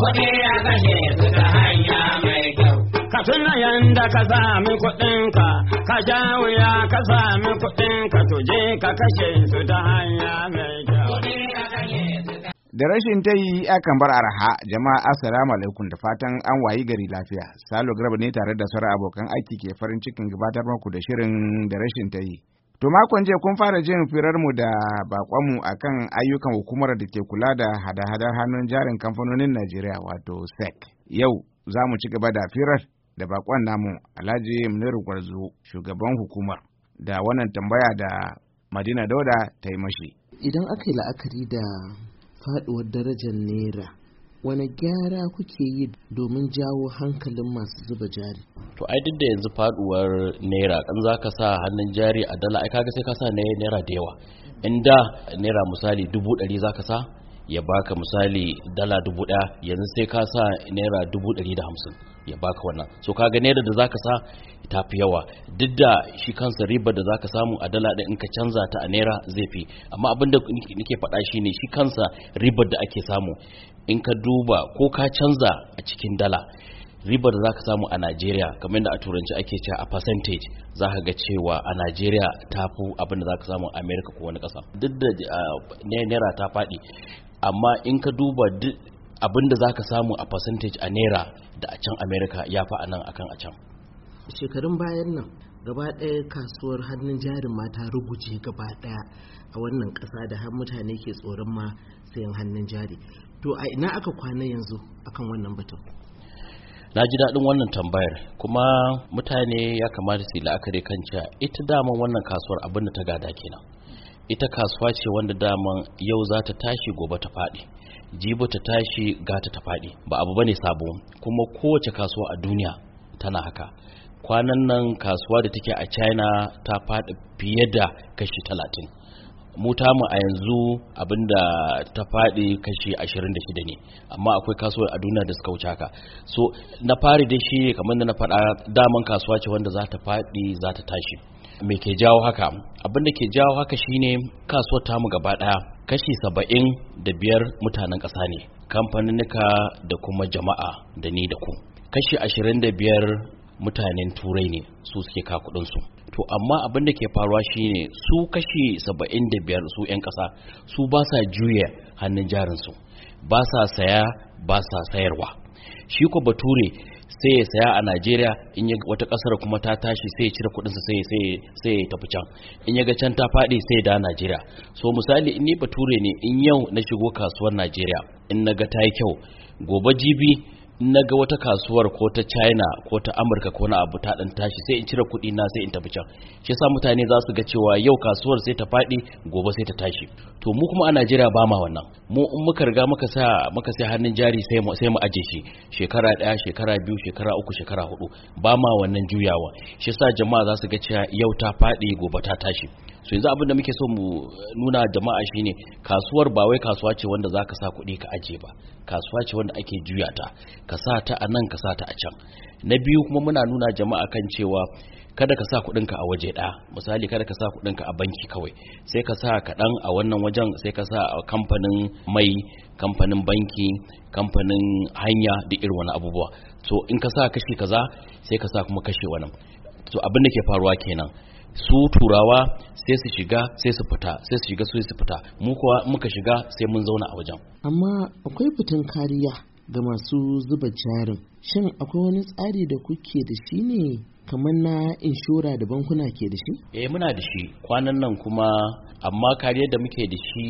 Kuɗi a kashe su ta hanya mai kyau. Ka tuna yanda ka sami kuɗinka, ka ja wuya ka sami kuɗinka, tuje ka kashe su ta hanya mai kyau. Da rashin ta yi akan bar arha jama'a assalamu alaikum da fatan an wayi gari lafiya. Salo Garba ne tare da sauran abokan aiki ke farin cikin gabatar muku da shirin da rashin ta yi. To makon jiya kun fara jin mu da bakonmu kan ayyukan hukumar da ke kula da hada-hadar hannun jarin kamfanonin Najeriya wato SEC. Yau za mu ci gaba da firar da bakon namu Alhaji Muniru Gwarzo shugaban hukumar da wannan tambaya da Madina Dauda ta yi mashi. Idan aka yi la'akari da faduwar darajar Naira wani gyara kuke yi domin jawo hankalin masu zuba jari to ai duk da yanzu faduwar naira kan za ka sa hannun jari a dala ai kaga sai ka sa naira da yawa in da naira misali dubu ɗari za ka sa ya baka misali dala dubu ɗaya yanzu sai ka sa naira dubu ɗari da hamsin ya baka wannan so kaga naira da zaka sa ta fi yawa duk da shi kansa riba da zaka samu a dala ɗaya in ka canza ta a naira zai fi amma abin da nake faɗa shi ne shi kansa ribar da ake samu in ka duba ko ka canza a cikin dala ribar za ka samu a Najeriya kamar da a turanci ake cewa a percentage za ka ga cewa a Najeriya ta fi abin da za ka samu a Amerika ko wani ƙasa duk da ah, naira ta faɗi amma in ka duba abin da za ka samu a percentage a naira da a can america ya fi a nan kan a can shekarun bayan nan gaba ɗaya kasuwar hannun jarin mata ruguje gaba ɗaya a wannan ƙasa da har mutane ke tsoron ma sayan hannun jari to a ina aka kwana yanzu akan wannan batun na ji daɗin wannan tambayar kuma mutane ya kamata su yi la'akari kan cewa ita daman wannan kasuwar abin da ta gada kenan ita kasuwa ce wanda daman yau za ta tashi gobe ta faɗi jibo ta tashi gata ta faɗi ba abu bane sabo kuma kowace kasuwa a duniya tana haka kwanan nan kasuwa da take a china ta faɗi fiye da kashi talatin mu tamu a yanzu abinda ta faɗi kashi 26 ne amma akwai kasuwar a duniya da suka wuce haka so na fari da shi kamar da na faɗa daman kasuwa ce wanda za ta faɗi za ta tashi me ke jawo haka abinda ke jawo haka shine kasuwar tamu gaba daya kashi saba'in da biyar mutanen ƙasa ne kamfanin kamfaninnika da kuma jama'a da ni da ku kashi ashirin da biyar mutanen turai ne su suke ka su to amma abin da ke faruwa shine su kashi saba'in da biyar su 'yan ƙasa su ba sa juya hannun jarinsu ba sa saya ba sa sayarwa shi ko bature sai ya saya a Najeriya in ya wata kasar kuma ta tashi sai ya cire kuɗinsa sai sai sai ya tafi can in ya ga can ta faɗi sai ya da Najeriya so misali in ni bature ne in yau na shigo kasuwar Najeriya in na ga ta yi kyau gobe jibi na ga wata kasuwar ko ta china ko ta amurka ko na abu ta dan tashi sai in cire kuɗi na sai in tafi can shi yasa mutane za su ga cewa yau kasuwar sai ta faɗi gobe sai ta tashi to mu kuma a najeriya ba ma wannan mu in muka riga muka sa muka sai hannun jari sai mu sai mu aje shi shekara ɗaya shekara biyu shekara uku shekara hudu ba ma wannan juyawa shi yasa jama'a za su ga cewa yau ta faɗi gobe ta tashi so yanzu abin da muke so mu nuna jama'a shine kasuwar ba wai kasuwa ce wanda za ka sa kuɗi ka aje ba kasuwa ce wanda ake juya ta ka sa ta a nan ka sa ta a can na biyu kuma muna nuna jama'a kan cewa kada ka sa kuɗinka a waje ɗaya misali kada ka sa kuɗinka a banki kawai sai ka sa kaɗan a wannan wajen sai ka sa a kamfanin mai kamfanin banki kamfanin hanya da irin wani abubuwa so in ka sa kashi kaza sai ka sa kuma kashe wani so abin da ke faruwa kenan su turawa sai su shiga sai su fita sai su shiga sai su fita mu kuwa muka shiga sai mun zauna a wajen amma akwai fitan kariya ga masu zuba jarin shin akwai wani tsari da kuke da shi ne kamar na inshora da bankuna ke da shi? eh muna da shi kwanan nan kuma amma kariyar da muke da shi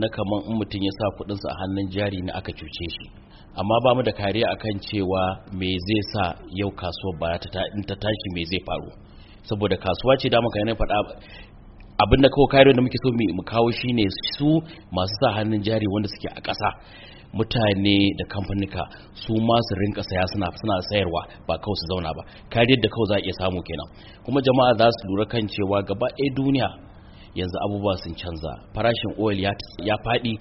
na kaman in mutum ya sa sa a hannun jari na aka cuce shi amma ba mu da kariya akan cewa me zai sa yau kasuwar ba ta in ta tashi me zai faru saboda kasuwa ce da muka yana faɗa abin da kawai kayar da muke so mu kawo shine su masu sa hannun jari wanda suke a ƙasa mutane da kamfanika su masu rinka saya suna suna sayarwa ba kawai su zauna ba kariyar da kawai za a iya samu kenan kuma jama'a za su lura kan cewa gaba ɗaya duniya yanzu abubuwa sun canza farashin oil ya faɗi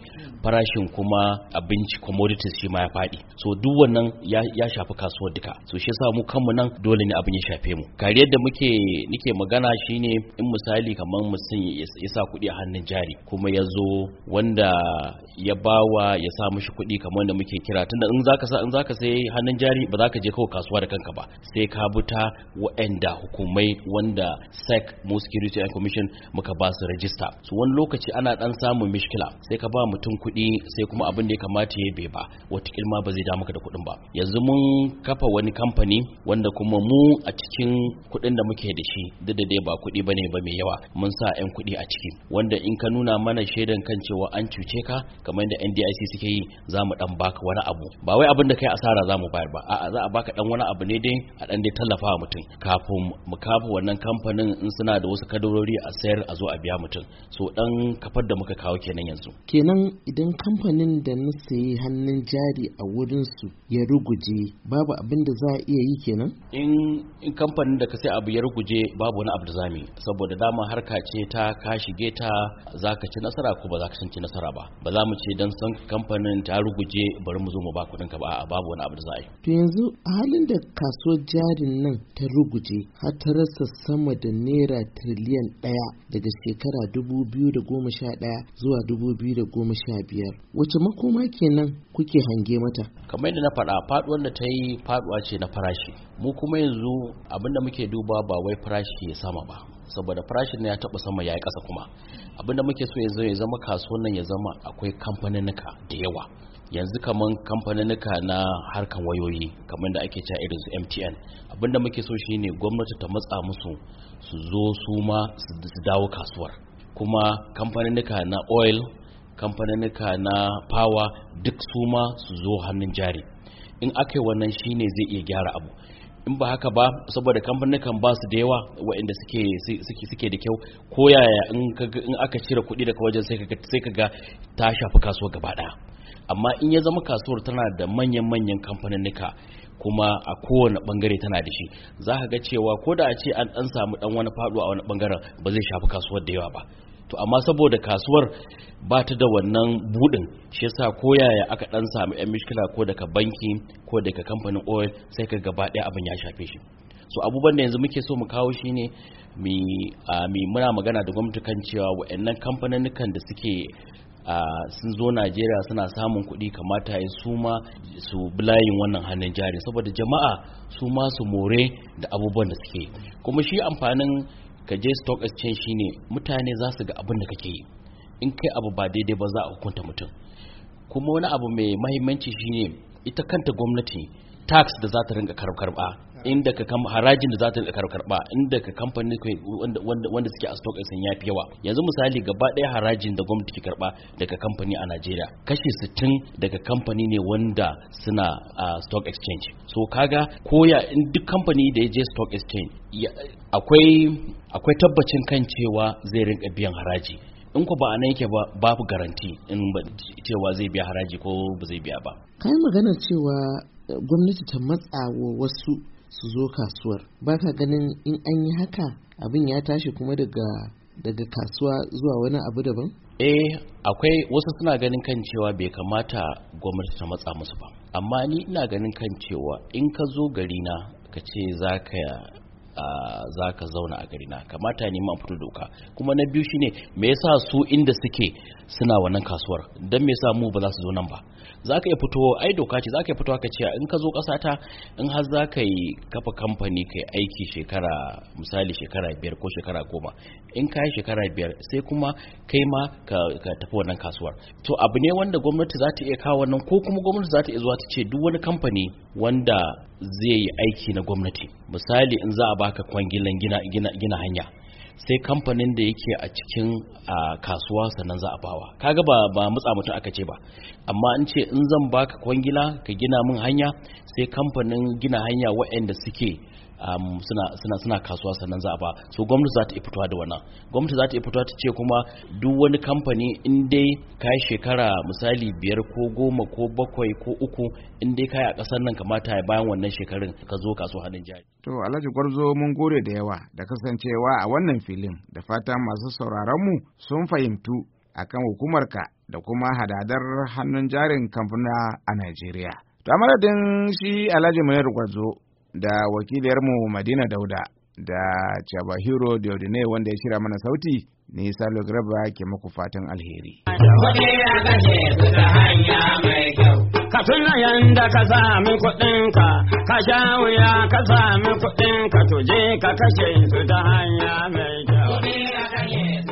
farashin kuma abinci commodities shi ma ya faɗi so duk wannan ya shafi kasuwar duka so shi yasa mu kanmu nan dole ne abin ya shafe mu kare da muke nike magana shine in misali kamar mutum ya sa kuɗi a hannun jari kuma ya zo wanda ya bawa ya sa mishi kuɗi kamar wanda muke kira tunda in zaka sa in zaka sai hannun jari ba za ka je kawai kasuwa da kanka ba sai ka buta wa'anda hukumai wanda SEC mu security commission muka ba su su rajista su wani lokaci ana dan samun mishkila sai ka ba mutum kuɗi sai kuma abin da ya kamata ya bai ba watakil ma ba zai da maka da kuɗin ba yanzu mun kafa wani kamfani wanda kuma mu a cikin kuɗin da muke da shi duk da dai ba kuɗi bane ba mai yawa mun sa 'yan kuɗi a ciki wanda in ka nuna mana shaidan kan cewa an cuce ka kamar yadda NDIC suke yi za mu dan baka wani abu ba wai abin da kai asara za mu bayar ba a'a za a baka dan wani abu ne dai a dan dai tallafa wa mutum kafin mu kafa wannan kamfanin in suna da wasu kadarori a sayar a zo a biya mutum so dan kafar da muka kawo kenan yanzu kenan idan kamfanin da na sayi hannun jari a wurin su ya ruguje babu abin da za a iya yi kenan in kamfanin da ka sai abu ya ruguje babu wani abu da zamu saboda dama harka ce ta ka shige ta zaka ci nasara ko ba zaka ka ci nasara ba ba za mu ce dan san kamfanin ta ruguje bari mu zo mu ba kuɗin ka ba babu wani abu da za a yi to yanzu a halin da kasuwar jarin nan ta ruguje har ta rasa sama da naira tiliyan ɗaya daga shekaru shekara 2011 zuwa 2015 wace makoma kenan kuke hange mata kamar yadda na faɗa faɗuwar da ta yi faɗuwa ce na farashi mu kuma yanzu abinda muke duba ba wai farashi ya sama ba saboda farashin na ya taɓa sama ya yi ƙasa kuma abinda muke so yanzu ya zama kasuwan nan ya zama akwai kamfaninuka da yawa yanzu kamar kamfaninnika na harkan wayoyi kamar da ake cewa irin su mtn abinda muke so shine gwamnati ta matsa musu su zo su ma su dawo kasuwar kuma kamfaninnika na oil kamfaninnika na power duk su ma su zo hannun jari in aka yi wannan shine zai iya gyara abu in ba haka ba saboda kamfanin ba su da yawa waɗanda suke da kyau ko yaya in aka cire kuɗi daga wajen sai kaga ta shafi kasuwar gaba ɗaya amma in ya zama kasuwar tana da manyan manyan kamfaninnika kuma a kowane bangare tana da shi za ka ga cewa ko da a ce an dan samu dan wani faɗu a wani bangaren ba zai shafi kasuwar da yawa ba to amma saboda kasuwar ba ta da wannan budin shi yasa ko yaya aka dan samu yan mishkila ko daga banki ko daga kamfanin oil sai ka gaba ɗaya abin ya shafe shi so abubuwan da yanzu muke so mu kawo shi ne, mi ah, muna magana da gwamnati kan cewa wa'annan kamfanin da suke sun zo najeriya suna samun kuɗi kamata ya su ma su layin wannan hannun jari saboda jama'a su ma su more da abubuwan da suke kuma shi amfanin ka je stock exchange shine mutane za su ga abin da kake yi in kai abu ba daidai ba za a hukunta mutum kuma wani abu mai mahimmanci shine ita kanta gwamnati tax da za ta ringa karba inda ka kam harajin da za ta karɓa karba inda ka kamfani wanda suke a stock ya yafi yawa yanzu misali gaba ɗaya harajin da gwamnati ke karba daga kamfani a Najeriya kashi 60 daga kamfani ne wanda suna a stock exchange so kaga koya in duk kamfani da ya je stock exchange akwai akwai tabbacin kan cewa zai rinka biyan haraji in ku ba a nan yake ba babu garanti in cewa zai biya haraji ko ba zai biya ba kai magana cewa eh, gwamnati ta matsa wa wasu su zo kasuwar ba ka ganin in an yi haka abin ya tashi kuma daga daga kasuwa zuwa wani abu daban? eh akwai wasu suna ganin kan cewa bai kamata gwamnati ta matsa musu ba amma ni ina ganin kan cewa in ka zo gari na ka ce za ka za ka zauna a gari na kamata ne ma fito doka kuma na biyu shine me yasa su inda suke suna wannan kasuwar dan me yasa mu ba za su zo nan ba za ka yi fito ai doka ce za ka yi fito ka ce in ka zo ta in har za ka yi kafa kamfani kai aiki shekara misali shekara biyar ko shekara goma in ka yi shekara biyar sai kuma kai ma ka, tafi wannan kasuwar to abu ne wanda gwamnati za ta iya kawo wannan ko kuma gwamnati za ta iya zuwa ta ce duk wani kamfani wanda zai yi aiki na gwamnati misali in za a baka kwangilan gina, gina, gina hanya sai kamfanin da yake a cikin kasuwa sannan za a bawa kaga ba ba mutsa mutum aka ce ba amma in ce in zan baka kwangila ka gina min hanya sai kamfanin gina hanya waɗanda suke Um, suna kasuwa sannan za a ba so gwamnati za ta fitowa da wannan gwamnati za ta fitowa ta ce kuma duk wani kamfani in dai ka yi shekara misali biyar ko goma ko bakwai ko uku in dai ka yi a ƙasar nan kamata ya bayan wannan shekarun ka zo kasuwa hannun jari. to alhaji gwarzo mun gode da yawa da kasancewa a wannan filin da fata masu sauraron mu sun fahimtu akan hukumarka da kuma hadadar hannun jarin kamfuna a Najeriya. To a shi Alhaji Munir Gwarzo da wakiliyarmu Madina Dauda da Chabahiro Diodine wanda ya shirya mana sauti ni Salo Graba ke muku fatan alheri. Ka tuna yanda ka sami kuɗinka, ka sha wuya ka sami kuɗinka, to je ka kashe su ta hanya mai kyau.